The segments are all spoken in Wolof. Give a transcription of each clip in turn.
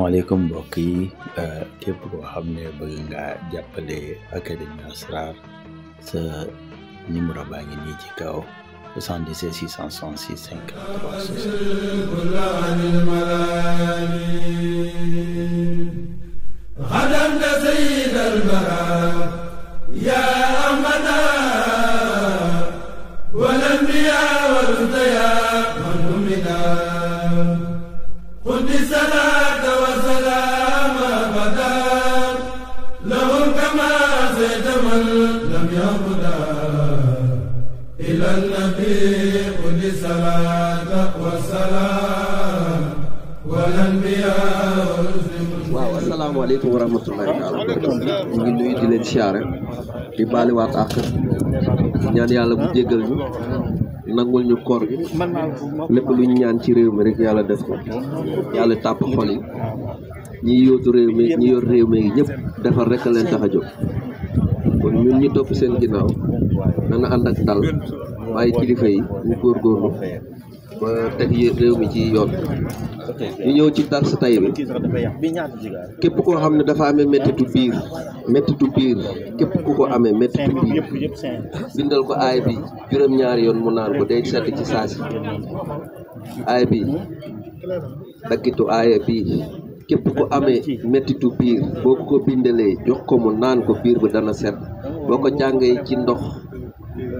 asalaamaaleykum mbokk yi euh, képp koo xam ne bëgg nga jàppale académie asrar sa numéro baa ngi nii ci kaw 77 666 53 60 والأنبياء والأنثياء من هم قل بالصلاة والسلام أبدا لهم كما زيد من لم يهدى إلى النبي قل الصلاة والسلام والأنبياء waaw asalaamaaleykum wa rahmatulahi taala wa barakatu ñu ngi nuyu di leen siyaare di baaliwaat ak ñaan yàlla bu jéggal ñu nangul ñu koor gi lépp lu ñu ñaan ci réew mi rekk yàlla def ko yàlla tàpp xol yi ñi yóotu réew mi ñi yor réew mi ñëpp defar rek leen tax a jóg kon ñun ñu topp seen ginnaaw dana ànd ak dal waaye kilifa yi ñu góorgóorlu ba teg réew mi ci yoon ñu ñëw ci dars tay bi képp koo xam ne dafa amee méttitu biir méttitu biir képp ku ko amee méttitu biir bindal ko aay bi juróom-ñaari yoon mu naan ko day set ci saasi aay bi dakkitu aaya bi képp ku amee méttitu biir boo ko bindalee jox ko mu naan ko biir bi dana set boo ko jàngee ci ndox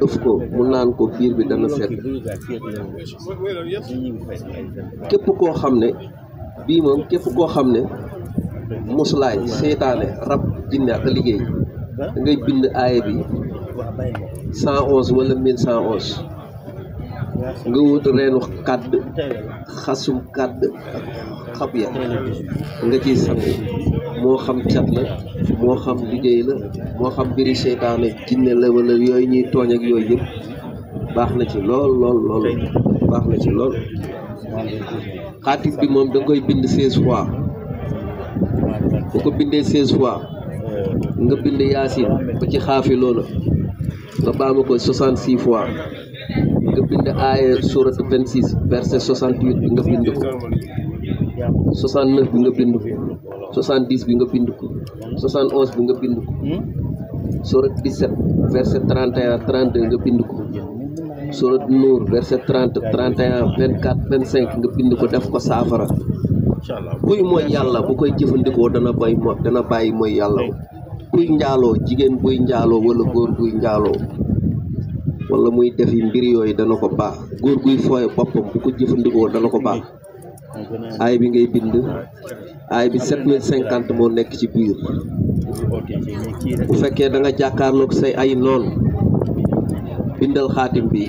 ëf ko mu naan ko biir bi dana set képp koo xam ne bii moom képp koo xam ne muslaay seytaane rab jinne ak liggéey da bind aaya bi cent onze wala mille cent onze nga wut reenu kàdd xasum kàdd xab ya nga ciy sangu moo xam cat la moo xam liggéey la moo xam mbiri seytaane jinne la wala yooyu ñuy tooñ ak yooyu yëpp baax na ci lool lool lool baax na ci lool xaatim bi moom da koy bind seize fois bu ko bindee seize fois nga bind yaasin ba ci xaafi loola nga baama ko soixante six fois nga bind aaya sourate vingt six verset soixante huit nga bind ko soixante-neuf bi nga bind ko soixante-dix bi nga bind ko soixante-onze bi nga bind ko sourate 17 verset 31 32 nga bind ko sourate Nuur verset 30 31 24 25 nga bind ko def ko saafara kuy mooy yàlla bu koy jëfandikoo dana bay dana bàyyi mooy yàlla kuy njaaloo jigéen buy njaaloo wala góor guy njaaloo wala muy defi mbir yooyu dana ko baax góor guy fooye boppam bu ko jëfandikoo dana ko baax aay bi ngay bind aay bi sept mille cinquante moo nekk ci biir bu fekkee da nga jàkkaarloog say ay noon bindal xaatim bi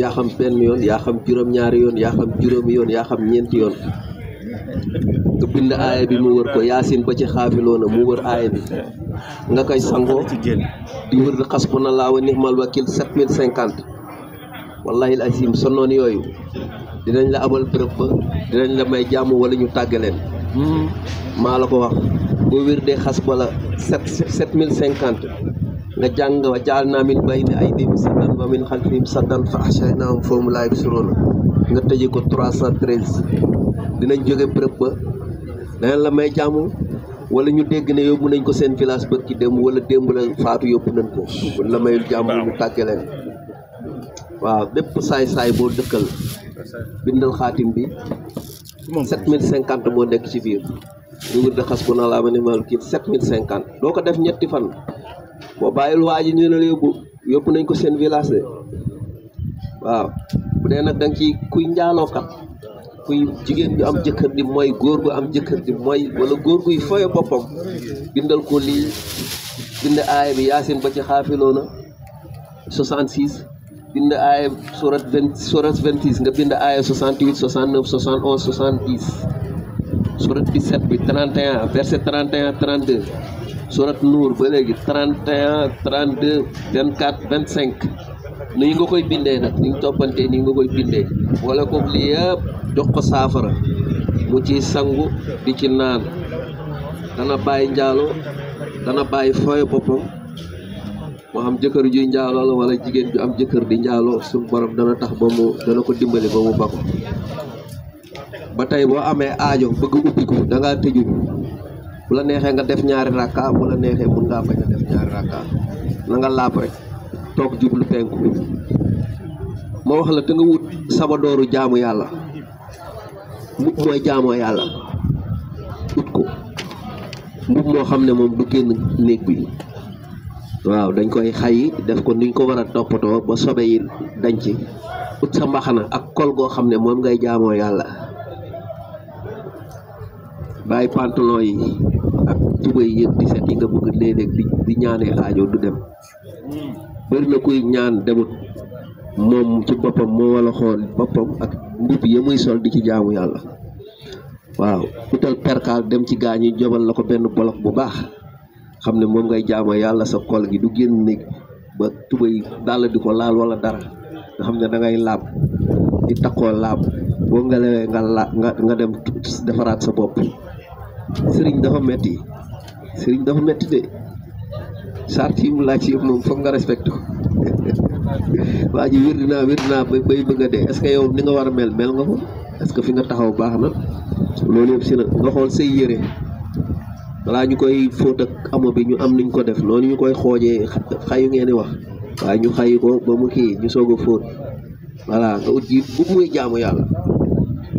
yaa xam benn yoon yaa xam juróom-ñaari yoon yaa xam juróomi yoon yaa xam ñeenti yoon nga bind aaya bi mu wër ko yaasin ba ci xaafiloona mu wër aaya bi nga koy sangoo di wër xas bu na laawa nixmal wakil sept mille cinquante wallahi al sa sonoon yooyu dinañ la abal bërëb ba dinañ la may jàmm wala ñu tàggaleen hmm. maa la ko wax boo wér dee xas wala sept sept mille cinquante nga jàng wa jaal naa min bay ni ay dimi saddan wa min xalfihim saddan fa ahshay naam foomu laay suróona nga tëje ko trois cent dinañ jóge bërëb ba danañ la may jàmm wala ñu dégg ne yóbbu nañ ko seen village bërki démb wala démb la faatu yóbbu nañ ko la mayul jàmm ñu tàggaleen waaw bépp saay-saay boo dëkkal bindal xaatim bi sept mille cinquante boo nekk ci biir ñu na laa ma ne mal kii sept doo ko def ñetti fan boo bàyyil waa ji ñu ne yóbbu nañ ko seen village de waaw bu dee nag dang nga ciy kuy njaalookat kuy jigéen ñu am jëkkër di mooy góor gu am jëkkër di mooy wala góor guy foye boppam bindal ko lii bind aaya bi yaasin ba ci xaafiloona 66 bind ay surat 20 surat 26 nga bind ay 68 69 71 70 surat 17 bi 31 verset 31 32 surat nur ba legi 31 32 24 25 ni nga koy bindee nak ni nga toppantee ni nga koy bindee wala ko li yeb ya, dox ko safara mu ci sangu di ci nan dana baye njaalo dana baye fooy boppam moo xam jëkkër juy njaaloo la wala jigéen ju am jëkkër di njaaloo suñu borom tax ba mu dana ko dimbali ba mu ba tey boo amee aajo bëgg ubbiku da ngaa neexee nga def ñaari rakka la neexee mun ngaa a nga laab rek toog wax la te nga wut sabadooru jaamu yàlla mbub mooy jaamoo yàlla ut ko mbub moo xam ne moom du génn néeg bi waaw dañ koy xay def ko niñ ko war a toppatoo ba sobe yi dañ ci ut sa mbaxana ak kol goo xam ne moom ngay jaamoo yàlla bàyyi pantalon yi ak tubéy yi di set yi nga bëgg léeg-léeg di di ñaanee aajo du dem bëri na kuy ñaan demut moom ci boppam moo wala xool boppam ak ndib ya muy sol di ci jaamu yàlla waaw utal perkaal dem ci gaañu jobal la ko benn bolok bu baax xam ne moom ngay jaama yàlla sa xol gi du génn néeg ba tubay dàll di ko laal wala dara nga xam ne da ngay laab di takkoo laab boo nga lewee nga la nga dem defaraat sa bopp sëriñ dafa metti sëriñ dafa metti de sart yi laaj yëpp moom foog nga respecté ko waa ji wér dinaa wér dinaa ba bay bëgg a dee est-ce que ni nga war a mel mel nga ko est que fi nga taxaw baax na loolu yëpp si na nga xool say yére balaa ñu koy fóot ak amo bi ñu am nuñ ko def noonu ñu koy xoojee xayu ngeeni wax waaye ñu xayu ko ba mu kii ñu soog a fóot voilà nga ji muy jaamu yàlla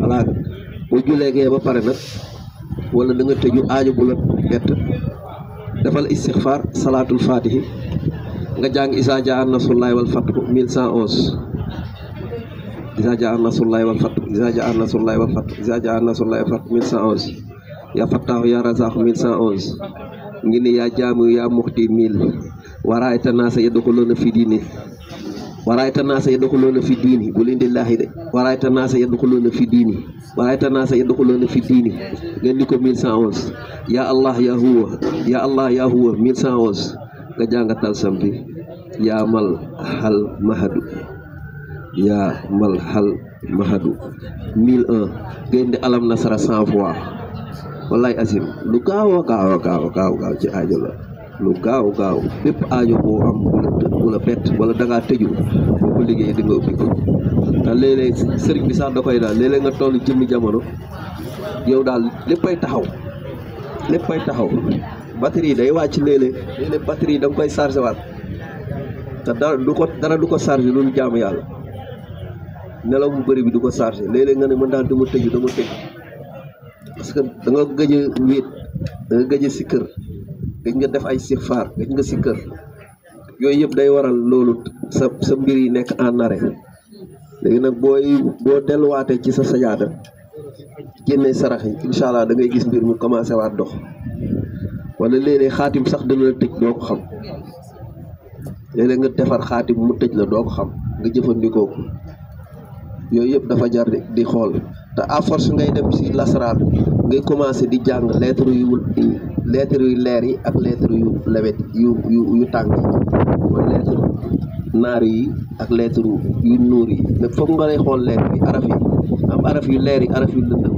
voilà boo julleegee ba pare nag wala da nga tëju aajo bu la bett defal istixfar salaatul fatihi nga jàng isaa jaa nasrullaahi wal fathu 1111 isaa jaa nasrullaahi wal fathu isaa jaa nasrullaahi wal fathu isaa jaa nasrullaahi wal fathu 1111 ya fatah ya razaq min sa'uz ngini ya jamu ya jaamu waraita nasa ya waraayta naasa yadxuluuna fi diini waraayta naasa fi dini bu leen di laaxi de waraayta naasa yadxuluuna fi diini waraayta naasa yadxuluuna fi dini ngini ko min sa'uz ya allah ya huwa ya allah ya huwa min sa'uz ga jangatal sambi ya mal hal mahadu ya mal hal mahadu 1001 eh. gende alam nasara 100 fois wallaay asim lu gaaw a gaaw a gaaw gaaw gaaw ci aajo la lu gaaw gaaw bépp aajo boo am wala bett wala da ngaa tëju boo liggéey di nga ubbi ko ndax léeg sëriñ bi sax da koy daal léeg nga toll jëmmi jamono yow daal léppay taxaw léppay taxaw batterie day wàcc léeg-léeg léeg-léeg koy chargé waat te dara du ko dara du ko chargé loolu jaamu yàlla nelaw mu bëri bi du ko chargé léeg nga ne man daan dama tëju dama tëju parce que da nga gëj a wéet da nga gëj nga def ay sifaar gëj nga sikkër yooyu yëpp day waral loolu sa sa mbir yi nekk en arrêt léegi nag booy boo delluwaatee ci sa sajaada génne sarax yi incha allah da ngay gis mbir mu commencé waat dox wala léeg-léeg xaatim sax dana la tëj doo ko xam léeg nga defar xaatim mu tëj la doo ko xam nga jëfandikoo ko yooyu yëpp dafa jar di xool te à force ngay dem ci lasaraan ngay commencé di jàng lettre yu lettre yu leer yi ak lettre yu lewet yu yu tàng yi naar yi ak lettre yu nuur yi mais foog nga lay xool lettre yi araf yi am araf yu leer yi araf yu lëndëm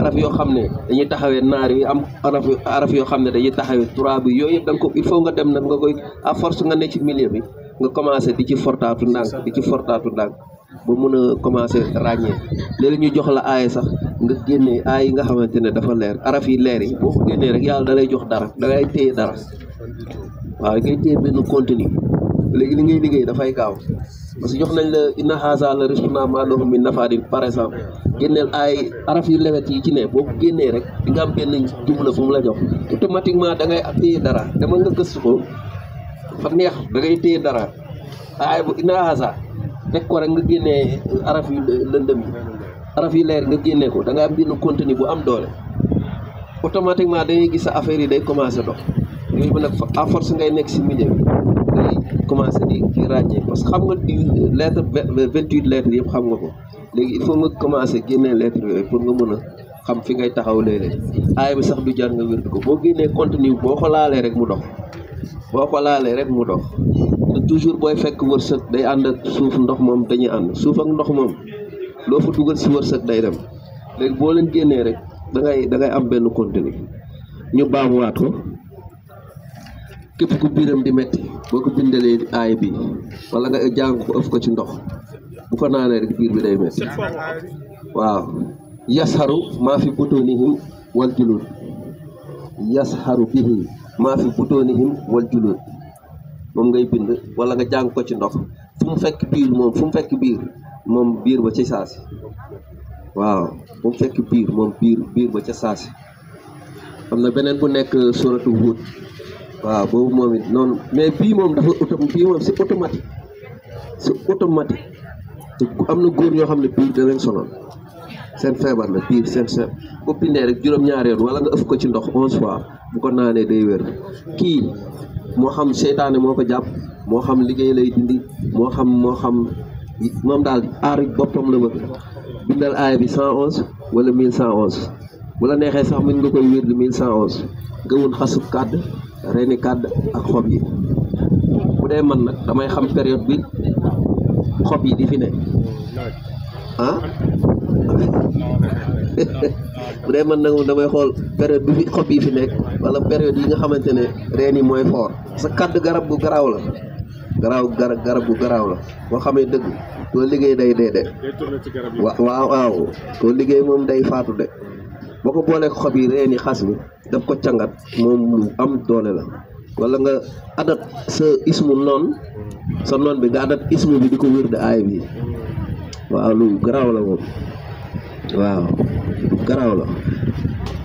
araf yoo xam ne dañuy taxawee naar yi am araf araf yoo xam ne dañuy taxawee trois bi yooyu yëpp il faut nga dem nag nga koy à force nga ne ci milieu bi nga commencé di ci fortaatu ndànk di ci fortaatu ndànk ba mën a commencer ràññee léegi jox la aaya sax nga génnee aay yi nga xamante ne dafa leer araf yi leer yi boo génnee rek yàlla da lay jox dara da lay téye dara waaw ngay téye benn contenu léegi li ngay liggéey dafay gaaw parce que jox nañ la inna haza la risquna ma lahu min par exemple génneel ay araf yu yi ci ne boo génnee rek di nga am benn jumla bu la jox automatiquement da ngay téye dara dama gëstu ko fa neex da ngay dara aay bu teg ko rek nga génnee euh, araf yi euh, lëndëm yi araf yi leer nga génnee ko danga nga am benn contenu bu am doole automatiquement dangay gis sa affaire yi day commencé dox yooyu ba nag à force ngay nekk si milieu bi day commencé di di ràññee parce que xam nga di euh, lettre vingt huit lettres yëpp xam nga ko léegi il faut nga commencé génne lettres yooyu pour nga mën a xam fi ngay taxaw léeg-léeg aay bi sax du jar nga wér ko boo génnee contenu boo ko laalee rek mu dox boo ko laalee rek mu dox te toujours booy fekk wërsëg day ànd ak suuf ndox moom dañuy ànd suuf ak ndox moom loo fa dugal si wërsëg day dem léegi boo leen génnee rek da ngay am benn contenu ñu baamuwaat ko képp ku biiram di metti boo ko bindalee aay bi wala nga jàng ko ëf ci ndox bu ko naanee rek biir bi day metti waaw yasharu maa fi butunihim wal julud yasharu bihi maa fi butunihim wal julud moom ngay bind wala nga jàng ko ci ndox fu mu fekk biir moom fu mu fekk biir moom biir ba ci saasi waaw fu fekk biir moom biir biir ba ca saasi am na beneen bu nekk suratu Huud waaw boobu moom it noonu mais bii moom dafa auto bii moom c'est automatique c'est automatique am na góor ñoo xam ne biir da leen seen feebar la biir seen seen bu bindee rek juróom-ñaari wala nga ëf ko ci ndox onze fois bu ko naanee day wér kii moo xam seytaane moo ko jàpp moo xam liggéey lay dindi moo xam moo xam moom daal aar boppam la bëgg bindal aaya bi cent onze wala mille cent onze bu neexee sax mën nga koy wér di mille cent onze nga wun xasu kàdd reeni kàdd ak xob yi bu dee man nag damay xam période bi xob yi di fi ne ah bu dee man nag damay xool période bi fi xob yi fi nekk wala période yi nga xamante ne reen yi mooy foor sa kàddu garab gu garaaw la garaaw garab gu garaaw la boo xamee dëgg too liggéey day dee de wa waaw waaw too liggéey moom day faatu de boo ko boolee xob yi reen yi xas mi daf ko cangat moom lu am doole la walla nga adat sa ismu noon sa noon bi nga adat ismu bi di ko wér de aay bi waaw lu garaaw la moom waaw lu garaaw la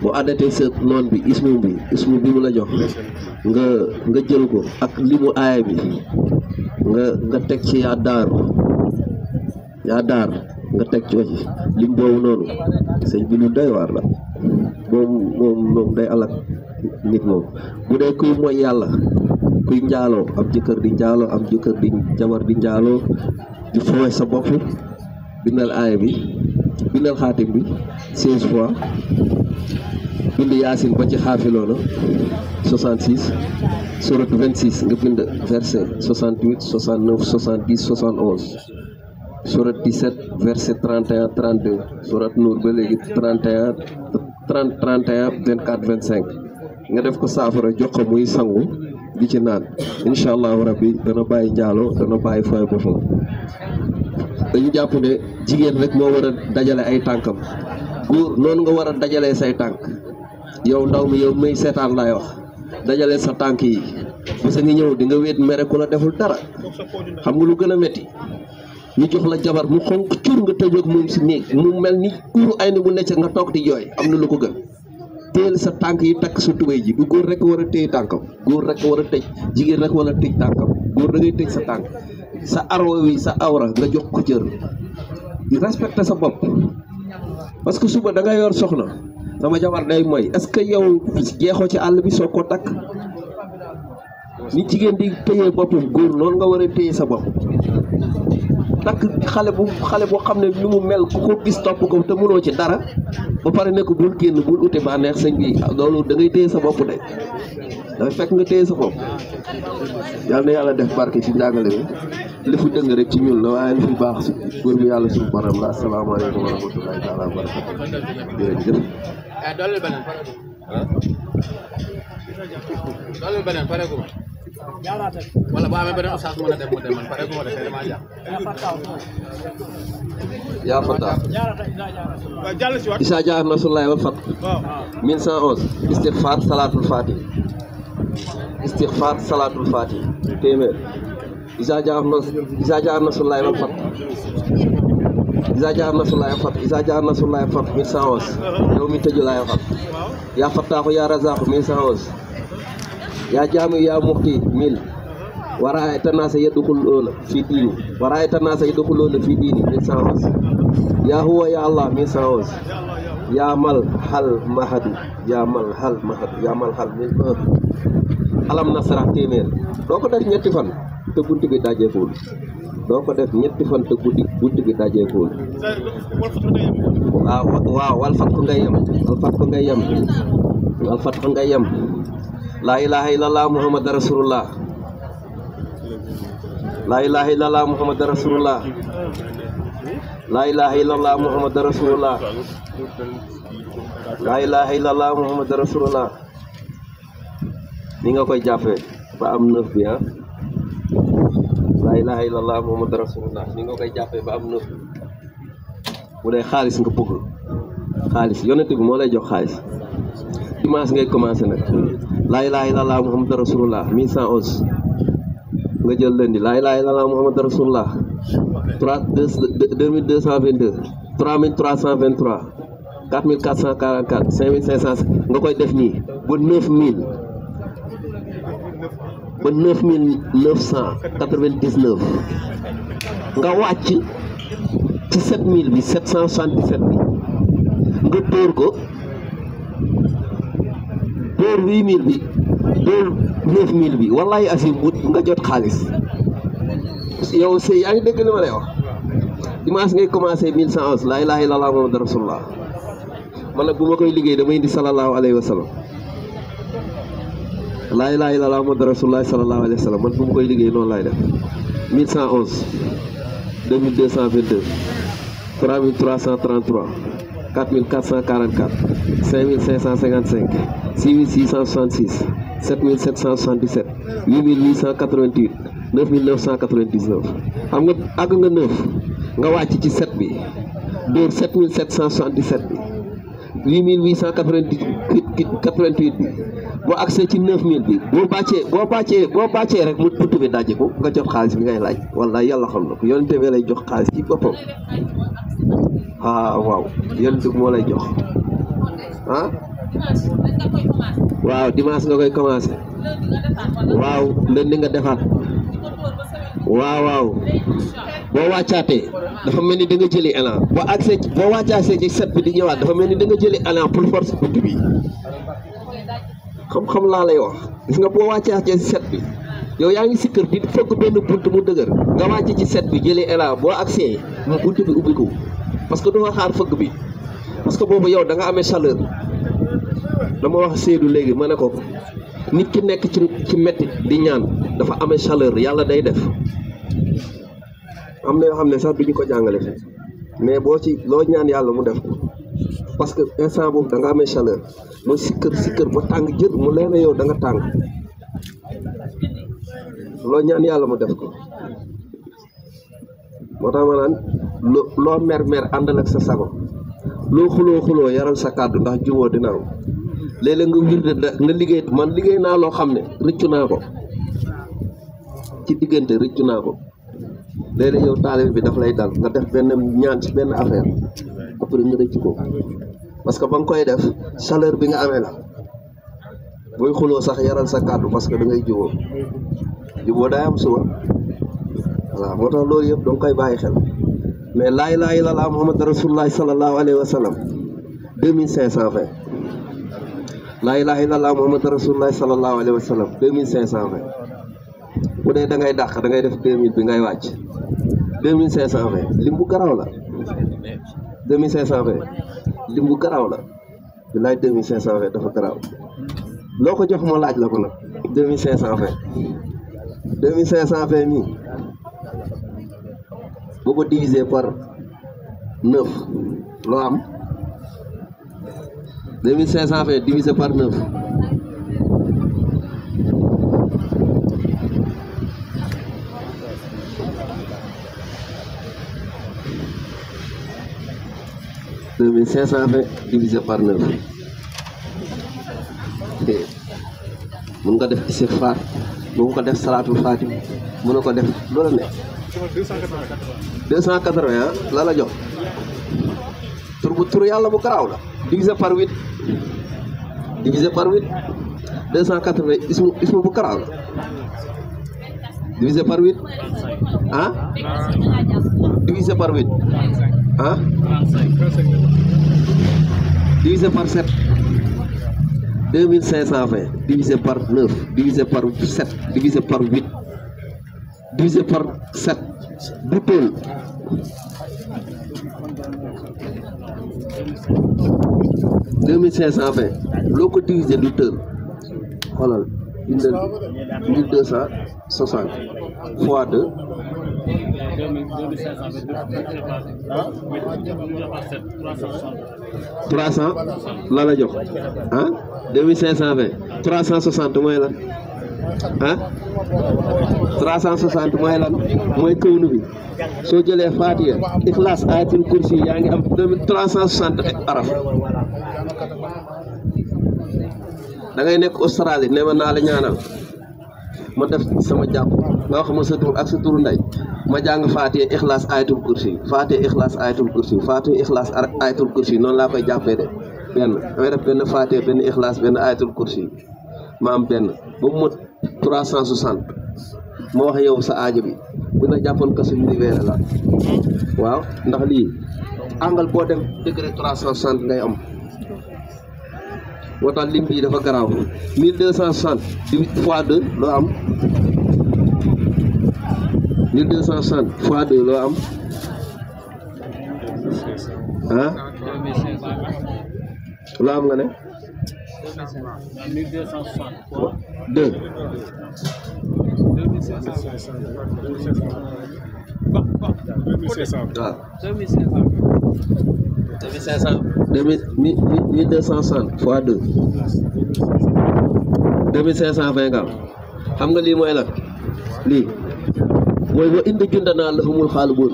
bu àndatee sa noon bi ismu bi ismu bi mu la jox nga nga jël ko ak limu aaya bi nga nga teg ci yaa daaru yaa daar nga teg ci ci lim boobu noonu sëñ bi lu doy waar la moom moom moom day alak nit moom bu dee kuy mooy yàlla kuy njaaloo am jëkkër di njaaloo am jëkkër di jabar di njaaloo di fooy sa bopp bindal ay bi bindal khatim bi 16 fois bind yasin ba ci xaafiloola 66 surat 26 nga bind verset 68 69 70 71 surat 17 verset 31 32 surat nur ba legi 31 30 31 24 25 nga def ko safara jox ko muy sangu di ci naan incha allahu rabbi dana bàyyi njaaloo dana bàyyi fooy boppam dañu jàpp ne jigéen rek moo war a dajale ay tànkam góor noonu nga war a dajalee say tànk yow ndaw mi yow may seetaan laay wax dajale sa tànk yi bés a ngi ñëw di nga wéet mere ku la deful dara xam nga lu gën a métti ñu jox la jabar mu xonq cur nga tëjoog moom si néeg mu mel ni kuuru ay ni bu necc nga toog di jooy am na lu ko gën téyel sa tànk yi takk sa tubéy ji du góor rek war a téye tànkam góor rek war a tëj jigéen rek war a tëj tànkam góor da ngay tëj sa tànk sa arwa wi sa awra nga jox ko cër di respecté sa bopp parce que suba da nga yor soxna sama jabar day mooy est-ce que yow jeexoo ci àll bi soo ko takk ni jigéen di téye boppam góor noonu nga war a téye sa bopp takk xale bu xale boo xam ne lu mu mel ku ko gis topp ko te mënoo ci dara ba pare nekk bul génn bul ute bànneex sëñ bi ah, loolu da dangay téye sa bopp de dafay fekk nga téye sa bopp yal na yàlla def barke ci njàngale bi li fu dëng rek ci ñun la waaye li fi baax si góor bi yàlla suñu borom la asalaamaaleykum wa rahmatulahi taala wa barakatu jërëjëf eh, dolli wala boo amee beneen oustaz mën a dem mu dem man pare bu ma defee damaa jàpp. yaa Fattah. Issa Dia Nasrullahi wal Fath. 1111. Istighfar Salatul Fatih. Istighfar Salatul Fatih. téeméer. Issa Dia Nasrullahi wal Fath. Issa Dia Nasrullahi wal Fath. Issa Dia Nasrullahi wal Fath 1111. yow mi tëju laay waxat. yaa Fattaahu yaa Razaaku 1111. ya jami ya muqti mil wara aytana sa yadkhul ona eh, fi dini wara aytana sa yadkhul ona eh, fi dini min sa'os ya huwa ya allah min sa'os ya mal hal mahad ya mal hal mahad ya mal hal min eh. alam nasra temer doko def ñetti fan te guntu bi dajje fuul doko def ñetti fan te guddi guntu bi dajje fuul ah, wa wa wal fatku ngayam wal fatku ngayam ngayam laa ilaha illallah muhammad rasulullah laa ilaha illallah muhammad rasulullah laa ilaha illallah muhammad ni nga koy jàppee ba am neuf bi ah laa ilaha illallah muhammad rasulullah ni nga koy jàppee ba am neuf bi bu dee nga bëgg xaalis yonent bi moo lay jox xaalis dimanche ngay commencé nag laa ilaaha illallaah muhammadu rasulullah mille cent onze nga jël lundi laa ilaaha illallaah muhammadu rasulullah trois deux mille deux cent vingt deux trois mille trois cent vingt trois quatre mille quatre cent quatre cinq nga koy def nii ba neuf mille ba neuf mille dix neuf nga wàcc ci sept mille bi sept cent soixante dix sept bi nga dóor ko teer huit mille bi teer neuf mille bi wallahi asim wut nga jot xaalis yow sëy yaa ngi dégg li ma lay ngay commencé mille cent onze laay ilaaha illallaah muhammadu rasulullah man nag bu ma koy liggéey damay indi salallaahu alayhi wa sallam laay ilaaha illallaah muhammadu rasulullah salallaahu alayhi wa sallam man bu ma koy liggéey noonu laay def mille cent onze cent vingt deux trois mille trois cent trente trois quatre mille quatre cent quarante quatre 6666 7777 8888 9999 xam nga àgg nga 9 nga wàcc ci 7 bi dóor 7777 bi 8888 88 bi boo accès ci 9000 bi boo bàccee boo bàccee boo bàccee rek mu putt bi dajje ko nga jox xaalis bi ngay laaj wallaay yàlla xam na ko yonent bi lay jox xaalis ci boppam ah waaw yonent bi moo lay jox ah. Wow, dimanche nga koy commencé waaw lundi nga Wow, waaw waaw boo wàccaatee dafa mel ni da nga jëli élan boo accès boo wàccaatee set bi di ñëwaat dafa mel ni da nga jëli élan pour force bunt bi xam-xam laa lay wax gis nga ci set bi yow yaa ngi si kër di fëgg benn buntu mu dëgër nga wàcc ci set bi jëlee élan boo accès bunt bi ubbiku parce que du nga xaar fëgg bi parce que boobu yow da nga dama wax seydou legui ma ko nit ki nek ci ci metti di ñaan dafa amé chaleur yalla day def am na yo xamné ne sax duñu ko jangalé mais bo ci lo ñaan yalla mu def parce que instant boobu da nga amé chaleur mo sikkër sikkër ba tang jër mu leer yow da nga tang lo ñaan yalla mu def ko ma mer mer andal ak sa sago lo xulo xulo yaral sa kaddu ndax juwo dina léeg-léeg nga jur nga liggéey man liggéey naa loo xam ne rëccu naa ko ci diggante rëccu naa ko léeg-léeg yow bi daf lay dal nga def benn ñaan ci benn affaire après nga rëcc ko parce que ba nga koy def chaleur bi nga amee la booy xuloo sax yaral sa kàddu parce que da ngay juboo juboo day am suba voilà moo tax loolu yëpp danga koy bàyyi xel mais laa ilaaha illallaah Muhammad rasulullaah sallallaahu alayhi wa sallam deux mille cinq cent vingt laa ilaha illallah muhammad rasulullah sallallahu alayhi wa sallam deux mille cinq cent vingt bu dee da ngay dàq da ngay def deux mille bi ngay wàcc deux mille cinq cent vingt lim bu garaaw la deux mille cent vingt lim bu garaaw la bi laaj deux mille cinq cent vingt dafa garaaw loo ko jox moo laaj la ko nag deux mille cinq cent vingt deux mille cinq par neuf loo am 2520 divisé par 9. 2500 divisé par neuf mën nga def istighfar mun nga def salatu fatim mën nga def loola ne deux 280 ah, la la jox tur bu tur yalla bu graw la divisé par 8 divisé par huit deux cent quatre vingt ismu ismu bu garaaw la divisé par huit ah divisé par huit ah divisé par sept deux mille cinq cent vingt divisé par neuf divisé par sept divisé par huit divisé par sept bu 2520. Locaux de 2. Voilà. 1260 fois 2. 2520. 300. 300. Là, là, Hein? 2520. 360, moins là. ah 360 mooy lan mooy kawnu bi soo jëlee Faatiha Ikhlaas Aayatul Kursi yaa ngi am 360 araf da ngay nekk Australie nee ma naa la ñaanal ma def sama jàpp nga wax ma sa tur ak sa turu ndey ma jàng Faatiha Ikhlaas Aayatul Kursi Faatiha Ikhlaas Aayatul Kursi Faatiha Ikhlaas Aayatul Kursi noonu laa koy jàppee de benn damay def benn Faatiha benn Ikhlaas benn Kursi. ma am benn ba mu mot trois cent soixante ma wax yow sa aajo bi bu na jàppoon kaso ñu libéré la waaw ndax lii angal boo dem degré trois cent soixante ngay am moo tax lim bii dafa garaaw mille deux cent soixante huit fois deux loo am mille deux cent soixante fois deux loo am ah loo am nga ne 1263. 2. 2500. 1260 fois 2. 2520 nga xam nga lii mooy lan lii mooy ba indi jundanaa la humul xaalis boon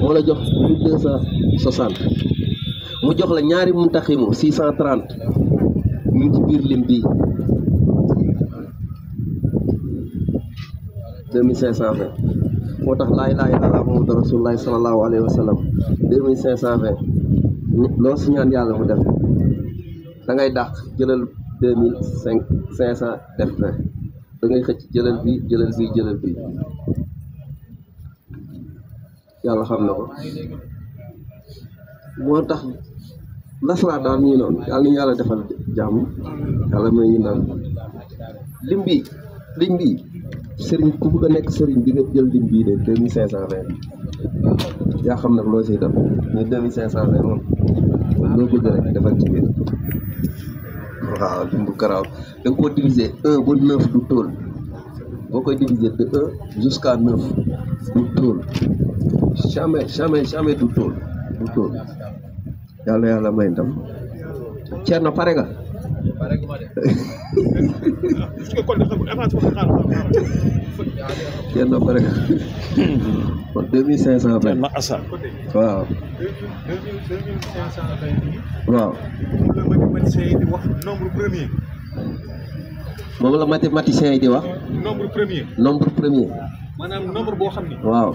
moo la jox 1260. mu jox la ñaari muntakhimu 630 ñu ci biir lim bi 2520 moo tax laa ilaaha illallaah muhammadu rasulullaahi sallallaahu alayhi wa sallam 2520 loo si ñaan mu def da ngay dàq jëlal 2500 def 20 da ngay xëc jëlal bi jëlal bi jëlal bi yalla xam na ko motax nasara daal ñu noonu daal nañu yàlla defal jàmm yàlla may ñu naan lim bi ku bëgg nekk sëriñ bi nga jël lim bii de deux mille cinq cent vingt yaa xam nag loo siy def mais deux mille vingt moom loo bëgg defal ci waaw lim bu garaaw diviser un ba neuf du tóol boo koy diviser de un jusqu'à neuf du tóol jamais jamais jamais du tóol du tóol yàlla yàlla may ndam Thierno pare nga. Thierno pare nga kon deux mille cinq cent vingt waaw. waaw. moom la mathématicien di wax. nombre premier. nombre premier. maanaam nombre boo waaw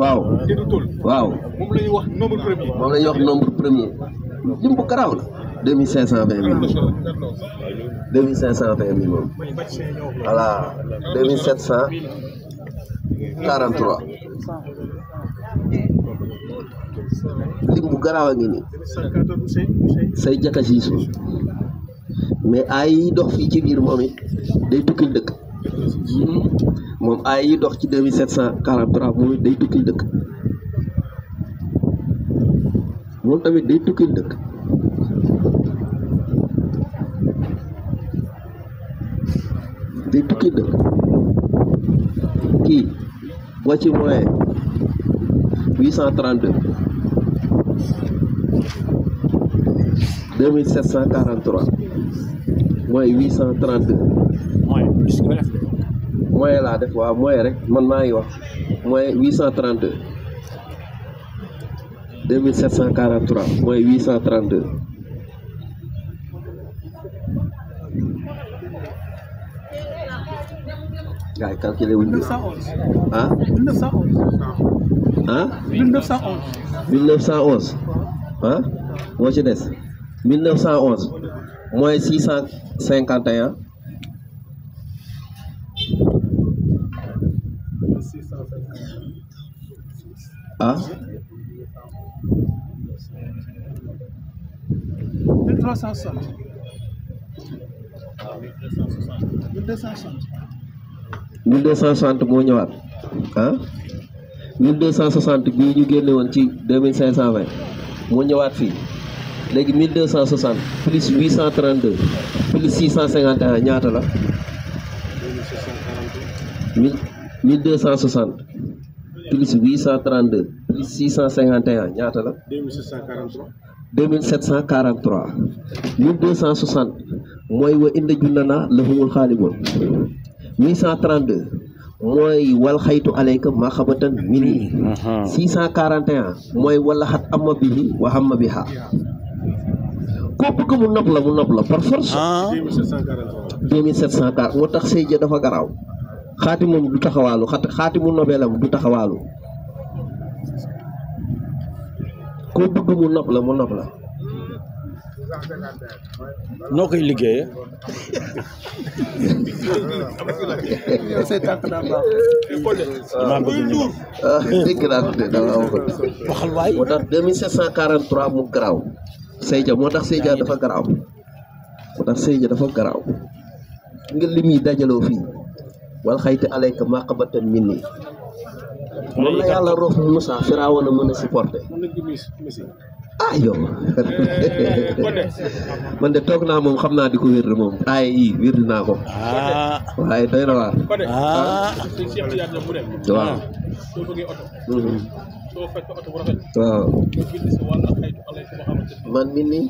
waaw waaw moom la ñuy wax nombre premier. moom bu garaaw la. deux mille cinq cent vingt moom deux mille cinq cent voilà deux mille quarante trois lim bu garaaw a ngi nii say jaka si suuf mais ay dox fii ci biir moom day tukkil dëkk. Hmm. moom aay yi dox ci deux mille sept cent quarante trois moom day tukkil dëkk moom tamit day tukkil dëkk day tukkil dëkk kii boo ci huit cent trente deux deux mille sept cent quarante trois mooy huit cent trente deux moyen laa def waaw moyen rek man maa ngi wax moyen 832 2743 moyen 832 gars yi calculé wuñ ñu ah 1911 ah 1911 1911 ah moo ci des 1911 moyen 651 ah mille trois deux cent soixante moo ñëwaat ah mille deux cent soixante bii ñu génne ci deux mille cent vingt moo ñëwaat fii léegi mille deux cent soixante plus huit cent trente deux plus six cent cinquante et ñaata la mille deux cent soixante plus 832 plus 651 ñaata la. 2743. 2743. 1260 mooy wa inda junnanaa lahumul xaaliboon 832 mooy wal xaytu aleyka ma xabatan mini. 641 mooy wala xat amma bihi wa amma biha. koo bëgg mu nopp la mu nopp la par force. Ah. moo tax sëy dafa garaaw. xaatimam du taxawaalu xaatimu nobelam du taxawaalu koo bëgg mu nopp la mu nopp la noo koy liggéeyee damaa bëgg de dama am ko waxal waay moo tax 2743 mu garaaw Seydia moo tax Seydia dafa garaaw moo tax Seydia dafa garaaw nga li muy dajaloo fii wal xayti alayka maqabatan minni moom la yàlla roof Moussa Firawna mën a supporter ah man de toog na moom xam naa di ko wér moom aay yi wér naa ko ah. waaye doy na waar ah. waaw mm-hmm. man mi nii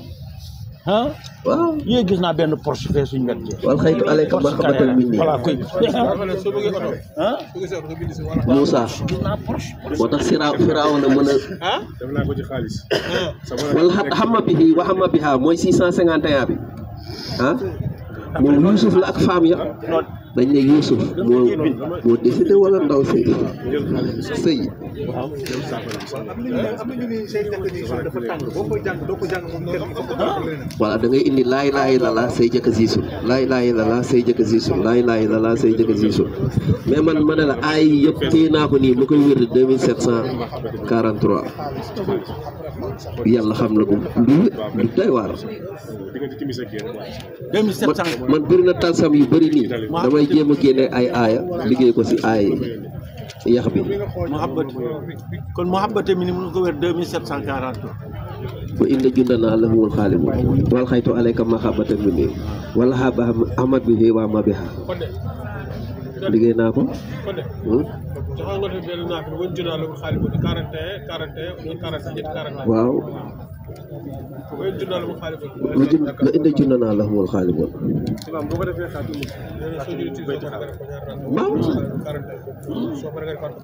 ah. waaw yéen gis naa benn Porsche fee suñu wet. wal xaytu alayka ba xabatal min nii. voilà kuy ah. na mën a. wala xamma bihi wa xamma biha mooy 651 cent ah. moom Yuusuf la ak femme ya. dañ ne Yuusuf moo moo décidé wala ndaw si sëy voilà da ngay indi laay laay la laa say jëkk siisul laay laay la laa say jëkk siisul laay laay la laa say jëkk siisul mais man ma ne la yëpp téye naa ko nii mu koy wér 2743 yàlla xam na ko lu lu doy waar man bëri na talsam yu bëri nii damay day jéem génne ay aaya liggéey ko si aaya yi yax bi. muhabbati kon muhabbati mi ni mu ko wér 2740. wa inna jundanaa lahumul xaalibuun wal xaytu alayka mahabbatan minni wala xaaba ahmad bi fii liggéey naa ko. Hmm? waaw. la inda junna naa la xamul xaaliboon waaw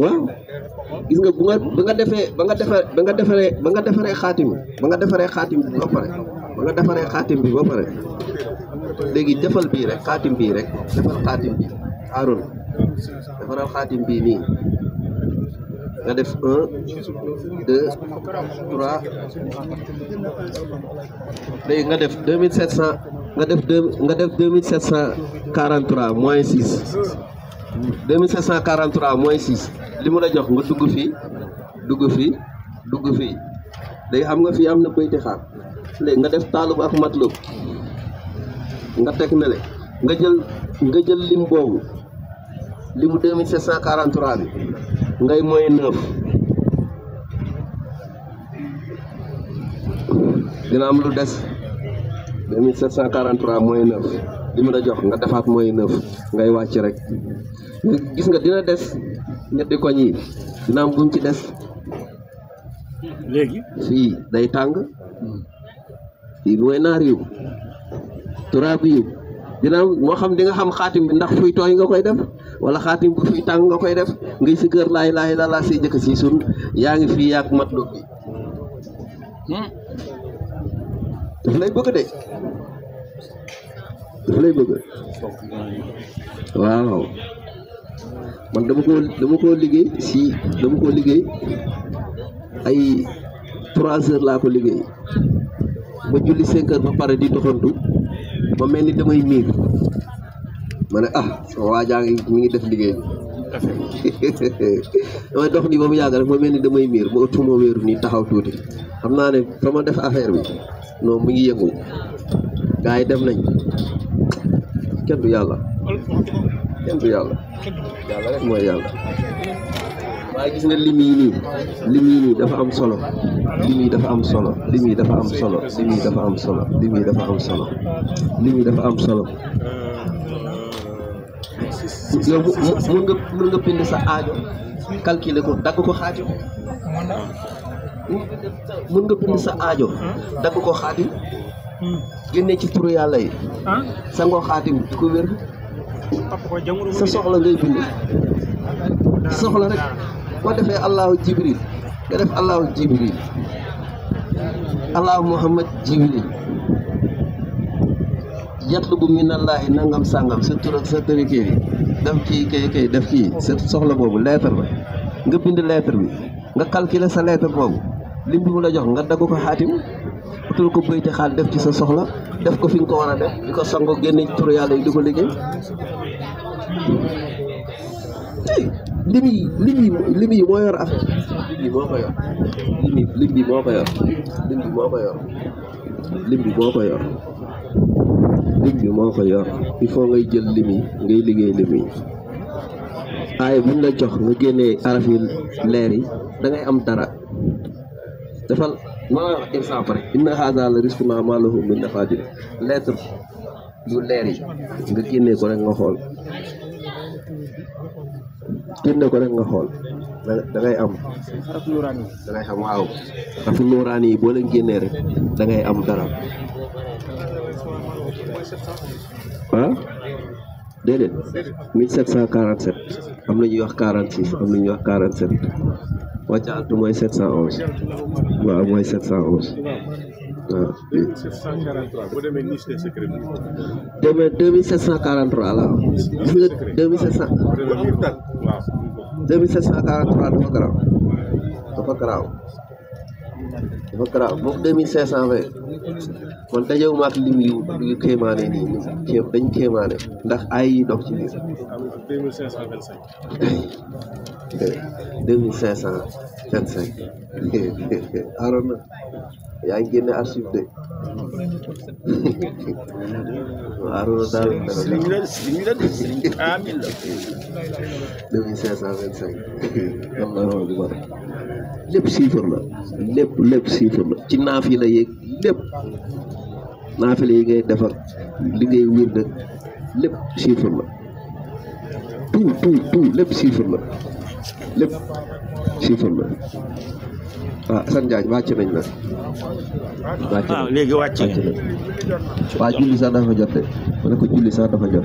waaw gis nga bu nga ba nga defee ba nga defee ba nga defaree ba nga defaree xaatim ba nga defaree xaatim bi ba pare ba nga defaree xaatim bi ba pare léegi defal bii rek xaatim bii rek defal xaatim bi Aaron defaral xaatim bii nii nga def un deux trois léegi nga def deux mille sept cent nga def deux nga def deux mille sept cent quarante trois moins six deux mille sept cent quarante trois moins six li la jox nga dugg fii dugg fii dugg fii léegi xam nga fii am na bëyti xaar léegi nga def taalub ak matlub nga teg ne le nga jël nga jël lim boobu limu deux mille sept cent quarante trois bi ngay mooy neuf dina am lu des deux mille sept cent quarante trois mooy neuf li mu la jox nga defaat mooy neuf ngay wàcc rek gis nga dina des ñetti koñ yi dina am buñ ci des léegi fii day tàng fii mooy naar yu turaab yu dina moo xam di nga xam xaatim bi ndax fuy tooy nga koy dem wala khatim bu fi tang nga koy def ngay fi kër la ilaha illallah si jëkk si sun yaangi fi yak yàgg matlub bi hmm? daf lay bëgg de lay bëgg waaw man dama ko dama ko liggey si dama ko liggey ay 3 heures la ko liggey ba julli 5 heures ba paré di doxantu ba melni damay miir ma ne ah waajaa ngi mi ngi def liggéey damay dox nii ba mu yàgg rek ma mel ni damay miir ma ëttu ma wéeru nii taxaw tuuti xam naa ne fa ma def affaire bi non mu ngi yëngu gars dem nañ kenn du yàlla kenn du yàlla mooy yàlla waaye gis nga lim yi nii dafa am solo lim yi dafa am solo lim yi dafa am solo lim dafa am solo lim yi dafa am solo lim yi dafa am solo yow mu mun nga mun nga bind sa aajo calculer ko dagg ko xaaju mun nga bind sa aajo dagg ko xaaju génne ci turu yàlla yi sa ngoo xaatiw di ko wér sa soxla ngay bind soxla rek boo defee allahu jibril nga def allahu jibril allahu muhammad jibril yatlubu minallahi nangam sàngam sa tur sa tërëkër yi dam ci kay kay def ci oh. sa soxla bobu lettre ba nga bind lettre bi nga calculer sa lettre bobu limbi bi mu la jox nga dagg ko khatim tul ko beuy te xal def ci sa soxla def ko fiñ ko wara def diko sango genn ci tour yalla di ko liggéey limi yi lim yi lim yi moo yor affaire limi yi ko yor lim yi lim ko yor lim bi ko yor lim bi ko yor lim bi moo ko yor il faut ngay jël limi ngay liggéey limi aaya buñ la jox nga génnee araf yi leer yi da am dara defal maa wax exemple rek inna haza la risque naa maa lahu min nafaadi lettre yu leer yi nga génnee ko rek nga xool génne ko rek nga xool da ngay am da ngay xam waaw rafu nuuraan yi boo leen génnee rek da ngay am dara ah déedéet 1747 am na ñuy wax 46 am na ñuy wax 47 wàccaat mooy 711 waaw mooy 711 2743 boo demee niche des secrets bi. demee 2743 la. gis nga 2700. demee biir tànn waaw. 2743 dafa garaaw. dafa garaaw. dafa garaaw moom 2520. man dajewuma ak lim yu yu kéemaane nii nii dañ kéemaane ndax ay yi dox ci biir. 2525. 2525. aaroon na. yaa ngi génne archive de waaw daal sëriñ la sëriñ la de sëriñ kaamil la deux mille cinq cent vingt cinq lépp chiffre la lépp lépp chiffre la ci naafi la yeeg lépp naafi la yi ngay defar li ngay wér nag lépp chiffre la tout tout tout lépp chiffre la lépp chiffre la ah Assane Ndiaye wàcc nañ la. wàcc nañ ah, léegi wàcc nañ. waa julli sax dafa jot de ma ne ko julli sax dafa jot.